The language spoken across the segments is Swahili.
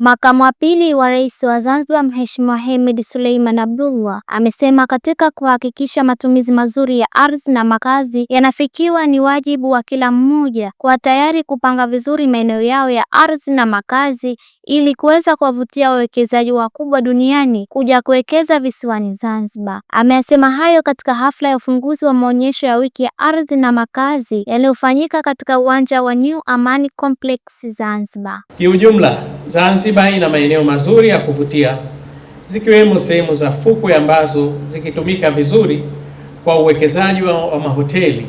Makamu wa pili wa rais wa Zanzibar Mheshimiwa Hemed Suleiman abdullah amesema katika kuhakikisha matumizi mazuri ya ardhi na makazi yanafikiwa, ni wajibu wa kila mmoja kuwa tayari kupanga vizuri maeneo yao ya ardhi na makazi ili kuweza kuwavutia wawekezaji wakubwa duniani kuja kuwekeza visiwani Zanzibar. Ameyasema hayo katika hafla ya ufunguzi wa maonyesho ya wiki ya ardhi na makazi yaliyofanyika katika uwanja wa New Amani Complex Zanzibar. Kiujumla, Zanzibar ina maeneo mazuri ya kuvutia zikiwemo sehemu za fukwe ambazo zikitumika vizuri kwa uwekezaji wa, wa mahoteli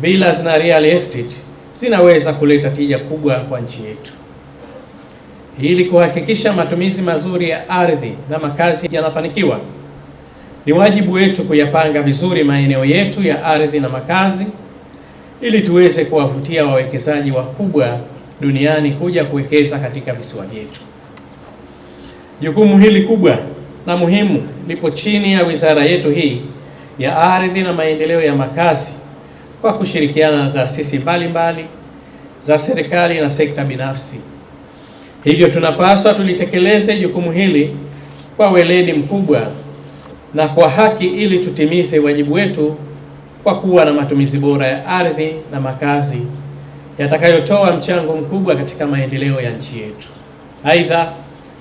villas na real estate zinaweza kuleta tija kubwa kwa nchi yetu ili kuhakikisha matumizi mazuri ya ardhi na makazi yanafanikiwa, ni wajibu wetu kuyapanga vizuri maeneo yetu ya ardhi na makazi ili tuweze kuwavutia wawekezaji wakubwa duniani kuja kuwekeza katika visiwa vyetu. Jukumu hili kubwa na muhimu lipo chini ya wizara yetu hii ya ardhi na maendeleo ya makazi kwa kushirikiana na taasisi mbalimbali za serikali na sekta binafsi. Hivyo tunapaswa tulitekeleze jukumu hili kwa weledi mkubwa na kwa haki ili tutimize wajibu wetu kwa kuwa na matumizi bora ya ardhi na makazi yatakayotoa mchango mkubwa katika maendeleo ya nchi yetu. Aidha,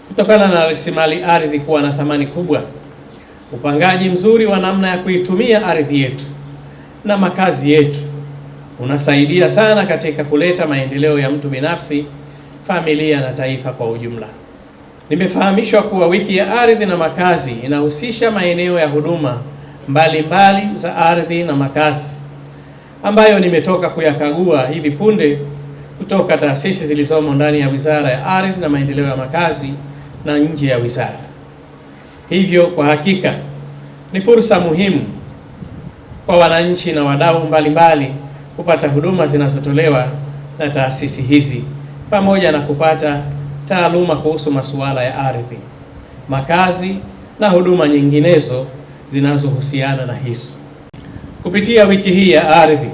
kutokana na rasilimali ardhi kuwa na thamani kubwa, upangaji mzuri wa namna ya kuitumia ardhi yetu na makazi yetu unasaidia sana katika kuleta maendeleo ya mtu binafsi familia na taifa kwa ujumla. Nimefahamishwa kuwa wiki ya ardhi na makazi inahusisha maeneo ya huduma mbalimbali mbali za ardhi na makazi ambayo nimetoka kuyakagua hivi punde kutoka taasisi zilizomo ndani ya Wizara ya Ardhi na Maendeleo ya Makazi na nje ya wizara. Hivyo kwa hakika ni fursa muhimu kwa wananchi na wadau mbalimbali kupata huduma zinazotolewa na taasisi hizi pamoja na kupata taaluma kuhusu masuala ya ardhi, makazi na huduma nyinginezo zinazohusiana na hizo. Kupitia wiki hii ya ardhi,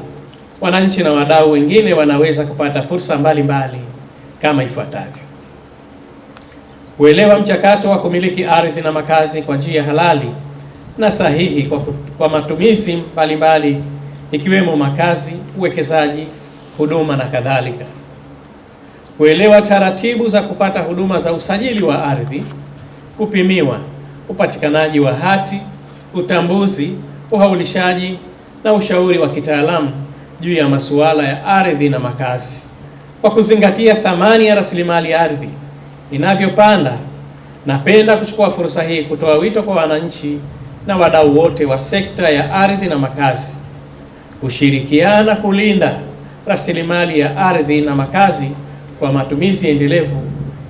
wananchi na wadau wengine wanaweza kupata fursa mbalimbali mbali kama ifuatavyo: kuelewa mchakato wa kumiliki ardhi na makazi kwa njia halali na sahihi kwa, kwa matumizi mbalimbali ikiwemo makazi, uwekezaji, huduma na kadhalika kuelewa taratibu za kupata huduma za usajili wa ardhi, kupimiwa, upatikanaji wa hati, utambuzi, uhaulishaji na ushauri wa kitaalamu juu ya masuala ya ardhi na makazi, kwa kuzingatia thamani ya rasilimali ardhi inavyopanda. Napenda kuchukua fursa hii kutoa wito kwa wananchi na wadau wote wa sekta ya ardhi na makazi kushirikiana kulinda rasilimali ya ardhi na makazi kwa matumizi endelevu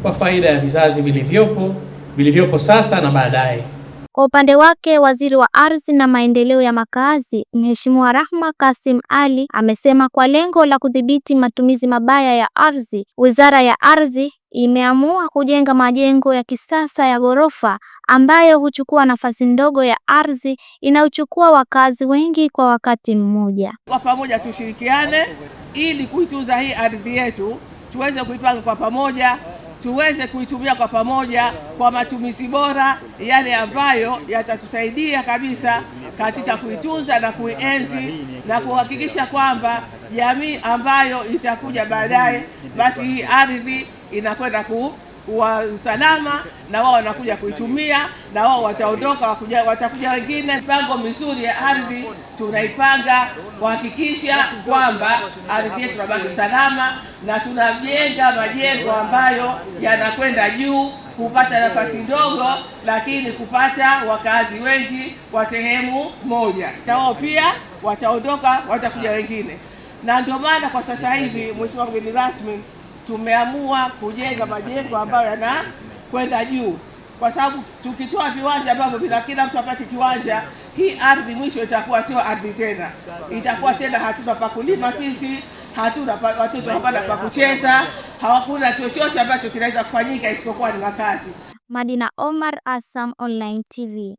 kwa faida ya vizazi vilivyopo vilivyopo sasa na baadaye. Kwa upande wake, Waziri wa Ardhi na Maendeleo ya Makazi, Mheshimiwa Rahma Kasim Ali amesema kwa lengo la kudhibiti matumizi mabaya ya ardhi, Wizara ya Ardhi imeamua kujenga majengo ya kisasa ya ghorofa ambayo huchukua nafasi ndogo ya ardhi inayochukua wakazi wengi kwa wakati mmoja. Kwa pamoja tushirikiane ili kuitunza hii ardhi yetu tuweze kuipanga kwa pamoja, tuweze kuitumia kwa pamoja kwa matumizi bora, yale ambayo yatatusaidia kabisa katika kuitunza na kuienzi na kuhakikisha kwamba jamii ambayo itakuja baadaye, basi hii ardhi inakwenda ku wa usalama, na wao wanakuja kuitumia, na wao wataondoka, watakuja wengine. Mipango mizuri ya ardhi tunaipanga kuhakikisha kwamba ardhi yetu inabaki salama, na tunajenga majengo ambayo yanakwenda juu kupata nafasi ndogo, lakini kupata wakazi wengi kwa sehemu moja, na wao pia wataondoka, watakuja wengine, na ndio maana kwa sasa hivi, Mheshimiwa mgeni rasmi tumeamua kujenga majengo ambayo yanakwenda juu, kwa sababu tukitoa viwanja ambavyo bila kila mtu apate kiwanja, hii ardhi mwisho itakuwa sio ardhi tena, itakuwa tena hatuna pa kulima sisi, hatuna watoto hapana pa kucheza, hawakuna chochote ambacho kinaweza kufanyika isipokuwa ni makazi. Madina Omar, ASAM Online TV.